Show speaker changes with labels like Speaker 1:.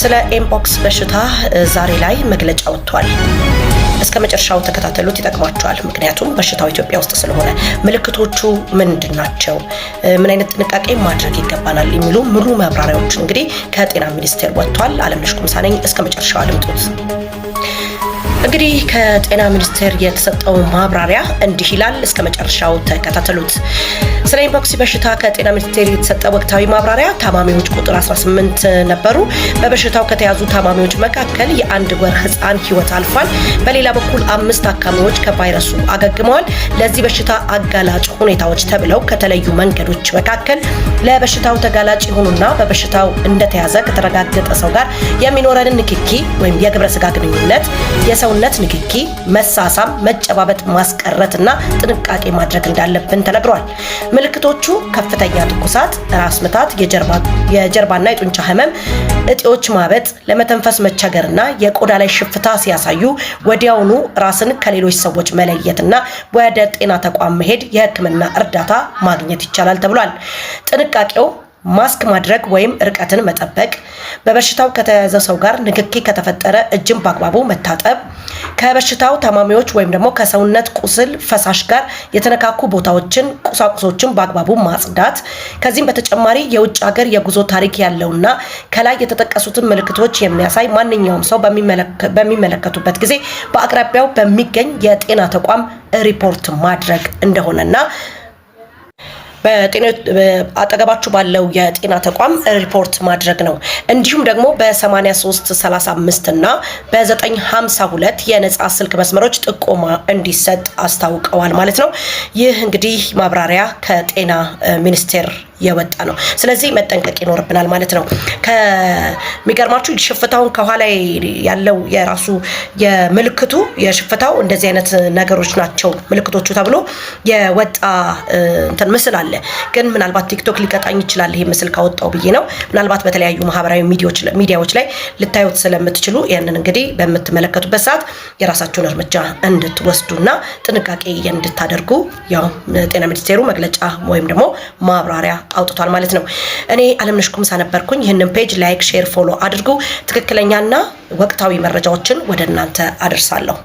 Speaker 1: ስለ ኤምፖክስ በሽታ ዛሬ ላይ መግለጫ ወጥቷል። እስከ መጨረሻው ተከታተሉት፣ ይጠቅማቸዋል። ምክንያቱም በሽታው ኢትዮጵያ ውስጥ ስለሆነ ምልክቶቹ ምንድን ናቸው፣ ምን አይነት ጥንቃቄ ማድረግ ይገባናል የሚሉ ሙሉ መብራሪያዎች እንግዲህ ከጤና ሚኒስቴር ወጥቷል። አለምነሽ ቁምሳነኝ እስከ መጨረሻው አድምጡት። እንግዲህ ከጤና ሚኒስቴር የተሰጠው ማብራሪያ እንዲህ ይላል። እስከ መጨረሻው ተከታተሉት። ስለ ኢምፖክሲ በሽታ ከጤና ሚኒስቴር የተሰጠ ወቅታዊ ማብራሪያ ታማሚዎች ቁጥር 18 ነበሩ። በበሽታው ከተያዙ ታማሚዎች መካከል የአንድ ወር ህፃን ህይወት አልፏል። በሌላ በኩል አምስት ታካሚዎች ከቫይረሱ አገግመዋል። ለዚህ በሽታ አጋላጭ ሁኔታዎች ተብለው ከተለዩ መንገዶች መካከል ለበሽታው ተጋላጭ የሆኑና በበሽታው እንደተያዘ ከተረጋገጠ ሰው ጋር የሚኖረን ንክኪ ወይም የግብረ ስጋ ግንኙነት፣ የሰውነት ንክኪ፣ መሳሳም፣ መጨባበጥ ማስቀረት እና ጥንቃቄ ማድረግ እንዳለብን ተነግሯል። ምልክቶቹ ከፍተኛ ትኩሳት፣ ራስ ምታት፣ የጀርባና የጡንቻ ህመም፣ እጢዎች ማበጥ፣ ለመተንፈስ መቸገርና የቆዳ ላይ ሽፍታ ሲያሳዩ ወዲያውኑ ራስን ከሌሎች ሰዎች መለየትና ወደ ጤና ተቋም መሄድ የህክምና እርዳታ ማግኘት ይቻላል ተብሏል። ጥንቃቄው ማስክ ማድረግ ወይም ርቀትን መጠበቅ፣ በበሽታው ከተያዘ ሰው ጋር ንክኪ ከተፈጠረ እጅን በአግባቡ መታጠብ፣ ከበሽታው ታማሚዎች ወይም ደግሞ ከሰውነት ቁስል ፈሳሽ ጋር የተነካኩ ቦታዎችን፣ ቁሳቁሶችን በአግባቡ ማጽዳት። ከዚህም በተጨማሪ የውጭ ሀገር የጉዞ ታሪክ ያለውና ከላይ የተጠቀሱትን ምልክቶች የሚያሳይ ማንኛውም ሰው በሚመለከቱበት ጊዜ በአቅራቢያው በሚገኝ የጤና ተቋም ሪፖርት ማድረግ እንደሆነና አጠገባችሁ ባለው የጤና ተቋም ሪፖርት ማድረግ ነው። እንዲሁም ደግሞ በ8335 እና በ952 የነፃ ስልክ መስመሮች ጥቆማ እንዲሰጥ አስታውቀዋል ማለት ነው። ይህ እንግዲህ ማብራሪያ ከጤና ሚኒስቴር የወጣ ነው። ስለዚህ መጠንቀቅ ይኖርብናል ማለት ነው። ከሚገርማችሁ ሽፍታውን ከኋላ ያለው የራሱ የምልክቱ የሽፍታው እንደዚህ አይነት ነገሮች ናቸው ምልክቶቹ ተብሎ የወጣ እንትን ምስል አለ አለ። ግን ምናልባት ቲክቶክ ሊቀጣኝ ይችላል ይሄ ምስል ካወጣው ብዬ ነው። ምናልባት በተለያዩ ማህበራዊ ሚዲያዎች ላይ ልታዩት ስለምትችሉ ያንን እንግዲህ በምትመለከቱበት ሰዓት የራሳችሁን እርምጃ እንድትወስዱና ጥንቃቄ እንድታደርጉ ያው ጤና ሚኒስቴሩ መግለጫ ወይም ደግሞ ማብራሪያ አውጥቷል ማለት ነው። እኔ አለምነሽ ኩምሳ ነበርኩኝ። ይህንን ፔጅ ላይክ፣ ሼር፣ ፎሎ አድርጉ። ትክክለኛና ወቅታዊ መረጃዎችን ወደ እናንተ አደርሳለሁ።